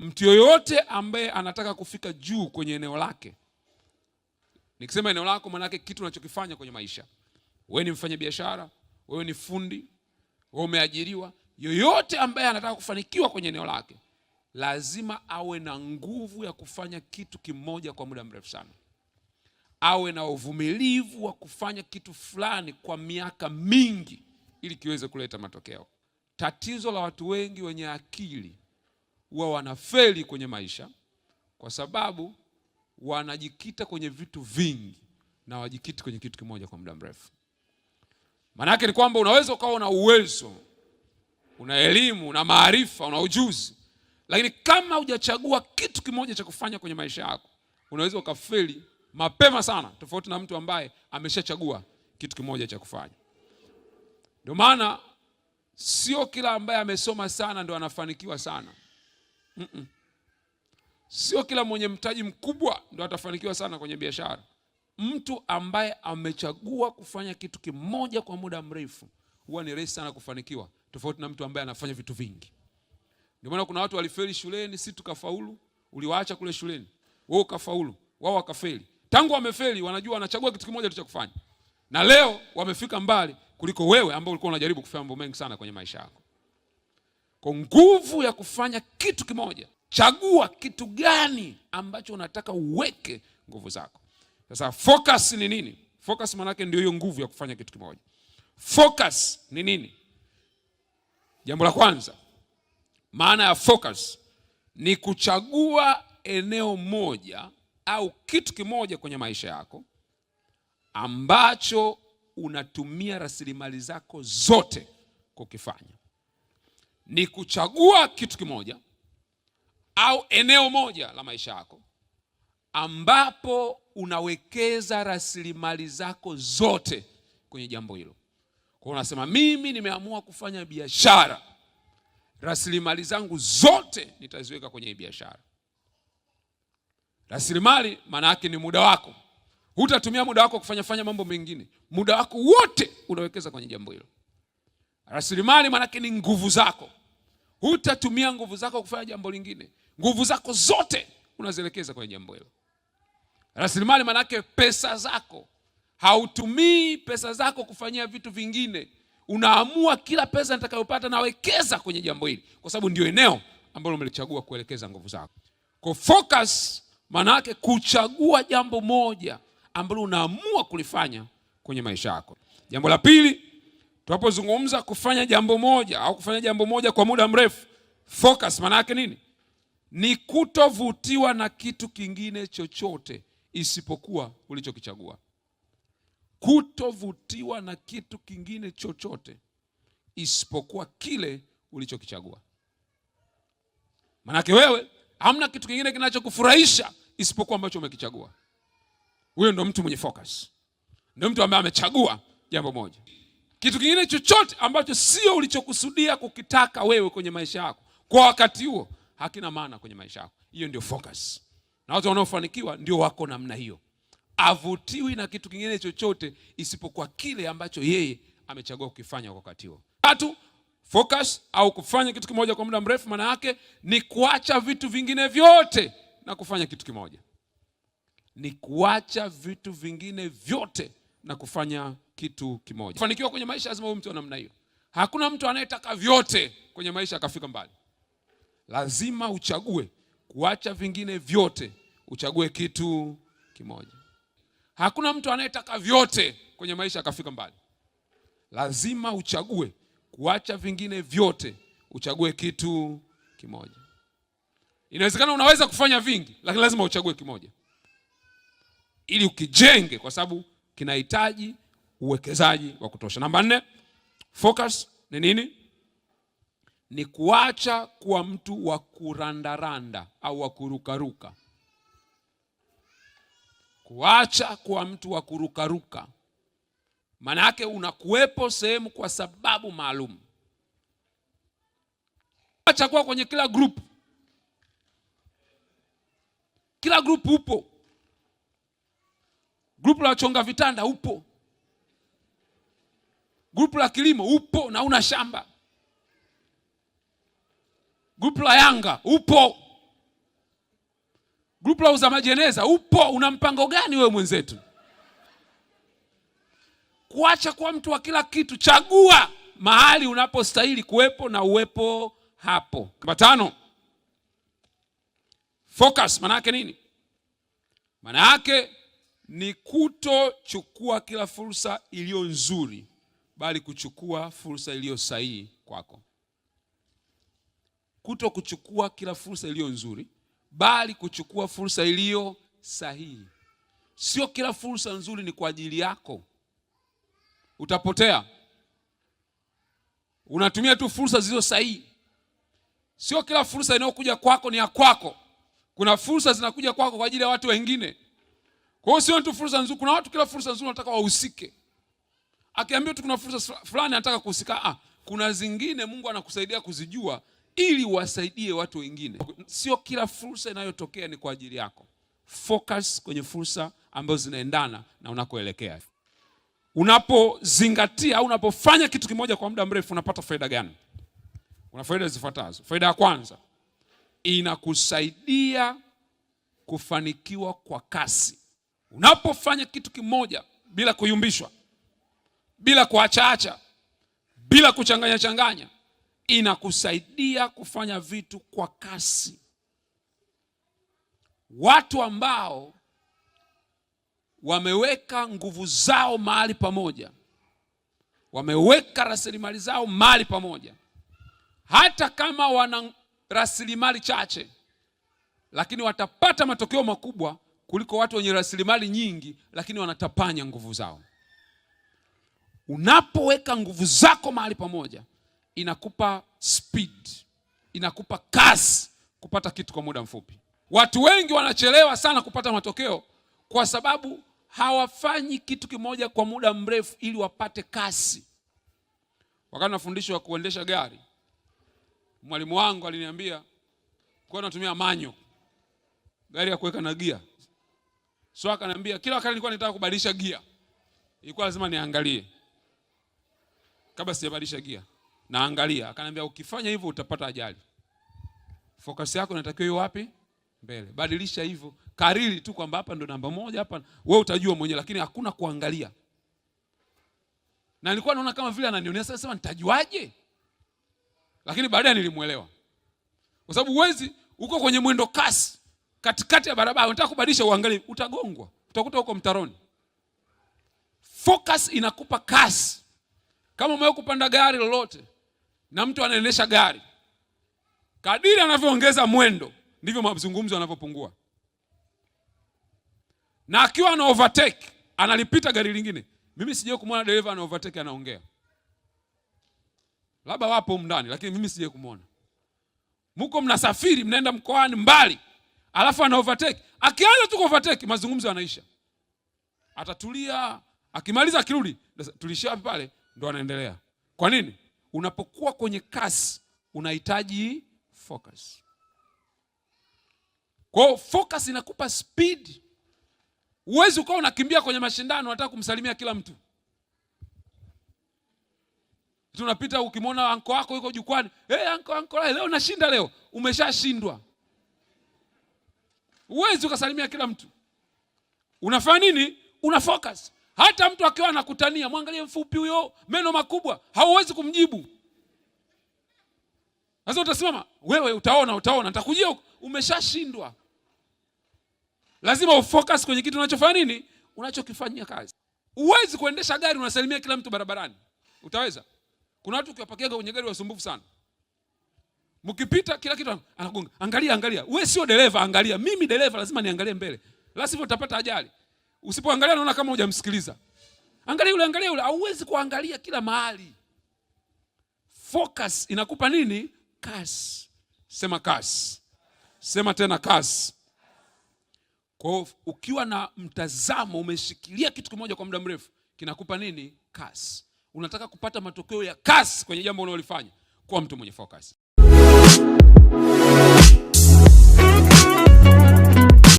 Mtu yoyote ambaye anataka kufika juu kwenye eneo lake, nikisema eneo lako, maana yake kitu unachokifanya kwenye maisha. Wewe ni mfanya biashara, wewe ni fundi, wewe umeajiriwa. Yoyote ambaye anataka kufanikiwa kwenye eneo lake lazima awe na nguvu ya kufanya kitu kimoja kwa muda mrefu sana, awe na uvumilivu wa kufanya kitu fulani kwa miaka mingi ili kiweze kuleta matokeo. Tatizo la watu wengi wenye akili huwa wanafeli kwenye maisha kwa sababu wanajikita kwenye vitu vingi na wajikiti kwenye kitu kimoja kwa muda mrefu. Maana yake ni kwamba unaweza ukawa una uwezo, una elimu, una maarifa, una ujuzi, lakini kama hujachagua kitu kimoja cha kufanya kwenye maisha yako, unaweza ukafeli mapema sana, tofauti na mtu ambaye ameshachagua kitu kimoja cha kufanya. Ndio maana sio kila ambaye amesoma sana ndo anafanikiwa sana mm -mm. Sio kila mwenye mtaji mkubwa ndo atafanikiwa sana kwenye biashara. Mtu ambaye amechagua kufanya kitu kimoja kwa muda mrefu huwa ni rahisi sana kufanikiwa, tofauti na mtu ambaye anafanya vitu vingi. Ndio maana kuna watu walifeli shuleni, si tukafaulu. Uliwaacha kule shuleni, wewe ukafaulu, wao wakafeli. Tangu wamefeli, wanajua wanachagua kitu kimoja tu cha kufanya, na leo wamefika mbali kuliko wewe ambao ulikuwa unajaribu kufanya mambo mengi sana kwenye maisha yako kwa nguvu ya kufanya kitu kimoja. Chagua kitu gani ambacho unataka uweke nguvu zako. Sasa focus ni nini? Focus maana ndio hiyo nguvu ya kufanya kitu kimoja. Focus ni nini? Jambo la kwanza, maana ya focus ni kuchagua eneo moja au kitu kimoja kwenye maisha yako ambacho unatumia rasilimali zako zote kukifanya ni kuchagua kitu kimoja au eneo moja la maisha yako ambapo unawekeza rasilimali zako zote kwenye jambo hilo. Kwa unasema mimi nimeamua kufanya biashara, rasilimali zangu zote nitaziweka kwenye hii biashara. Rasilimali maana yake ni muda wako. Hutatumia muda wako kufanya fanya mambo mengine, muda wako wote unawekeza kwenye jambo hilo. Rasilimali maana yake ni nguvu zako hutatumia nguvu zako kufanya jambo lingine. Nguvu zako zote unazielekeza kwenye jambo hilo. Rasilimali manake pesa zako, hautumii pesa zako kufanyia vitu vingine. Unaamua kila pesa nitakayopata nawekeza kwenye jambo hili, kwa sababu ndio eneo ambalo umelichagua kuelekeza nguvu zako. Kwa focus manake kuchagua jambo moja ambalo unaamua kulifanya kwenye maisha yako. Jambo la pili Tunapozungumza kufanya jambo moja au kufanya jambo moja kwa muda mrefu, focus maana yake nini? Ni kutovutiwa na kitu kingine chochote isipokuwa ulichokichagua. Kutovutiwa na kitu kingine chochote isipokuwa kile ulichokichagua. manake wewe hamna kitu kingine kinachokufurahisha isipokuwa ambacho umekichagua. Huyo ndo mtu mwenye focus, ndio mtu ambaye amechagua jambo moja kitu kingine chochote ambacho sio ulichokusudia kukitaka wewe kwenye maisha yako kwa wakati huo hakina maana kwenye maisha yako. Hiyo ndio focus, na watu wanaofanikiwa ndio wako namna hiyo, avutiwi na kitu kingine chochote isipokuwa kile ambacho yeye amechagua kukifanya kwa wakati huo. Tatu, focus au kufanya kitu kimoja kwa muda mrefu, maana yake ni kuacha vitu vingine vyote na kufanya kitu kimoja, ni kuacha vitu vingine vyote na kufanya kitu kimoja. Fanikiwa kwenye maisha, lazima uwe mtu wa namna hiyo. Hakuna mtu anayetaka vyote kwenye maisha akafika mbali. Lazima uchague kuacha vingine vyote, uchague kitu kimoja. Hakuna mtu anayetaka vyote kwenye maisha akafika mbali. Lazima uchague kuacha vingine vyote, uchague kitu kimoja. Inawezekana unaweza kufanya vingi, lakini lazima uchague kimoja, ili ukijenge, kwa sababu kinahitaji uwekezaji wa kutosha. Namba nne, focus ni nini? Ni kuacha kuwa mtu wa kurandaranda au wa kurukaruka, kuacha kuwa mtu wa kurukaruka. Maana yake unakuwepo sehemu kwa sababu maalum. Acha kuwa kwenye kila group, kila group upo, group la wachonga vitanda upo Grupu la kilimo upo na una shamba. Grupu la Yanga upo. Grupu la uza majeneza upo. Una mpango gani wewe mwenzetu? Kuacha kuwa mtu wa kila kitu, chagua mahali unapostahili kuwepo na uwepo hapo. Namba tano, focus. Maana yake nini? Maana yake ni kutochukua kila fursa iliyo nzuri bali kuchukua fursa iliyo sahihi kwako. Kuto kuchukua kila fursa iliyo nzuri, bali kuchukua fursa iliyo sahihi. Sio kila fursa nzuri ni kwa ajili yako, utapotea. Unatumia tu fursa zilizo sahihi. Sio kila fursa inayokuja kwako ni ya kwako. Kuna fursa zinakuja kwako kwa ajili ya watu wengine. Kwa hiyo sio tu fursa nzuri. Kuna watu kila fursa nzuri wanataka wahusike akiambiwa tu kuna fursa fulani anataka kuhusika. Ah, kuna zingine Mungu anakusaidia kuzijua ili wasaidie watu wengine. Sio kila fursa inayotokea ni kwa ajili yako. Focus kwenye fursa ambazo zinaendana na unakoelekea. Unapozingatia au unapofanya kitu kimoja kwa muda mrefu, unapata faida gani? Una faida zifuatazo. Faida ya kwanza, inakusaidia kufanikiwa kwa kasi. Unapofanya kitu kimoja bila kuyumbishwa bila kuachaacha, bila kuchanganya changanya, inakusaidia kufanya vitu kwa kasi. Watu ambao wameweka nguvu zao mahali pamoja, wameweka rasilimali zao mahali pamoja, hata kama wana rasilimali chache, lakini watapata matokeo makubwa kuliko watu wenye rasilimali nyingi, lakini wanatapanya nguvu zao. Unapoweka nguvu zako mahali pamoja, inakupa speed, inakupa kasi kupata kitu kwa muda mfupi. Watu wengi wanachelewa sana kupata matokeo kwa sababu hawafanyi kitu kimoja kwa muda mrefu ili wapate kasi. Wakati nafundishwa wa kuendesha gari, mwalimu wangu aliniambia kwa natumia manyo gari ya kuweka na gia, so akaniambia kila wakati nilikuwa nitaka kubadilisha gia, ilikuwa lazima niangalie kabla sijabadilisha gia naangalia, akaniambia ukifanya hivyo utapata ajali. Fokasi yako inatakiwa iwe wapi? Mbele. Badilisha hivyo, kariri tu kwamba hapa ndo namba moja, hapa wewe utajua mwenyewe, lakini hakuna kuangalia. Na nilikuwa naona kama vile ananionea, sasa sema nitajuaje? Lakini baadaye nilimuelewa, kwa sababu uwezi uko kwenye mwendo kasi katikati ya barabara unataka kubadilisha, uangalie, utagongwa, utakuta uko mtaroni. Focus inakupa kasi kama umewahi kupanda gari lolote na mtu anaendesha gari, kadiri anavyoongeza mwendo ndivyo mazungumzo yanavyopungua, na akiwa ana overtake analipita gari lingine. Mimi sijawahi kumwona dereva ana overtake anaongea, labda wapo mndani, lakini mimi sijawahi kumwona. Muko mnasafiri mnaenda mkoani mbali, alafu ana overtake. Akianza tu overtake, mazungumzo yanaisha, atatulia. Akimaliza akirudi, tulishia pale ndo anaendelea. Kwa nini? Unapokuwa kwenye kasi unahitaji focus. Kwa hiyo focus inakupa speed. Uwezi ukawa unakimbia kwenye mashindano unataka kumsalimia kila mtu. Tunapita ukimwona anko wako yuko jukwani, hey, anko anko, leo nashinda leo. Umeshashindwa. Uwezi ukasalimia kila mtu. Unafanya nini? Una focus. Hata mtu akiwa anakutania, mwangalie mfupi huyo, meno makubwa, hauwezi kumjibu. Sasa utasimama wewe, utaona utaona, nitakujia Umeshashindwa, lazima ufocus kwenye kitu unachofanya nini, unachokifanyia kazi. uwezi kuendesha gari unasalimia kila mtu barabarani, utaweza? Kuna watu ukiwapakia kwenye gari wasumbufu sana, mkipita kila kitu anagonga, angalia angalia. Wewe sio dereva, angalia. Mimi dereva lazima niangalie mbele, la utapata ajali. Usipoangalia unaona kama hujamsikiliza. Angalia yule, angalia yule, hauwezi kuangalia kila mahali. Focus inakupa nini? Kasi. Sema kasi. Sema tena kasi. Kwa ukiwa na mtazamo, umeshikilia kitu kimoja kwa muda mrefu, kinakupa nini? Kasi. Unataka kupata matokeo ya kasi kwenye jambo unaolifanya kuwa mtu mwenye focus.